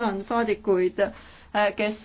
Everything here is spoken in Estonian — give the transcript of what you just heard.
on saadikuid, äh, kes